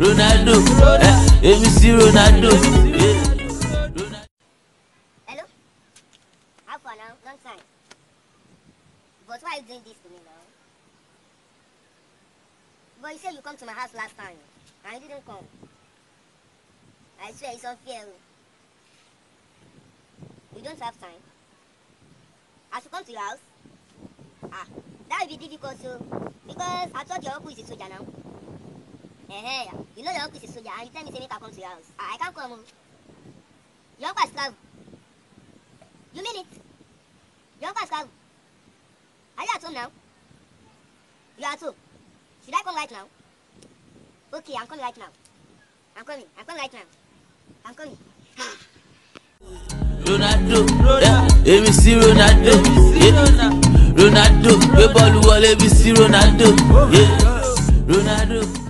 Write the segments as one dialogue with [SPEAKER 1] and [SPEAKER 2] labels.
[SPEAKER 1] Ronaldo èmi sí Ronaldo. Hello?
[SPEAKER 2] How far now? Long time. But why you doing this to me now? But you said you come to my house last time and you didn't come. I swear it's unfair. Oh. You don't have time. I should come to your house. Ah, that will be difficult too. Oh. Because I thought your uncle is a soldier now. Eh, You know your uncle is a soldier and you tell me to make her come to your house. I, can't come. Your uncle is slave. You mean it? Your uncle is slave. Are you at home now? You are at home. Should I come right now? Okay, I'm coming right now. I'm coming. I'm coming
[SPEAKER 1] right now. I'm coming. Ronaldo, èmi sí Ronaldo, Ronaldo, we bọ́ọ̀lù wọlé bí sí Ronaldo, Ronaldo.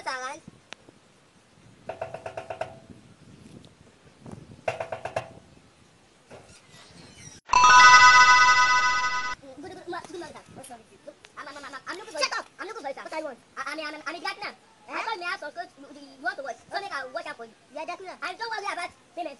[SPEAKER 2] I'm not bata I'm not kan? I'm s Ani I'm s n ani I'm s n ani I'm n grat na. s I n told me I n was I'm not a going to watch. So I'm n make I not watch up on. Yeah, say I'm not that's I'm not. I don't worry about payment.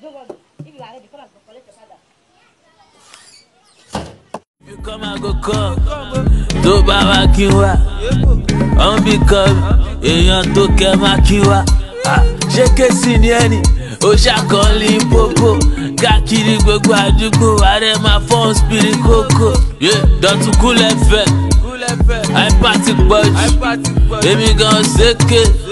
[SPEAKER 2] you
[SPEAKER 1] come and go go call. Tó bá wa kí wa. Ọ̀n bí kan èèyàn tó kẹ́ máa kí wa. Ṣé kéésì ni ẹni? Ó ṣàkọọ́lì pópó káàkiri gbogbo àdúgbò ààrẹ máa fọ́n spiri kókó. Dọ̀tún kúlẹ̀ fẹ̀, àìpá ti pọ̀ jù, èmi gan-an ṣèké.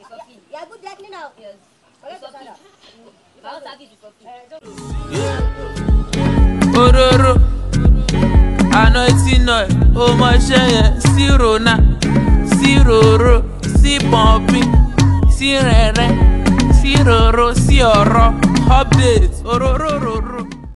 [SPEAKER 2] It's okay. You are good lightning now. Yes. Forget it's okay. About service, it's
[SPEAKER 1] Ororo. Anointing oil, o mọ yẹn, sí rona, sí roro, sí pọ̀npín, sí rẹ̀rẹ̀, sí roro, sí ọ̀rọ̀, update, oróróróró.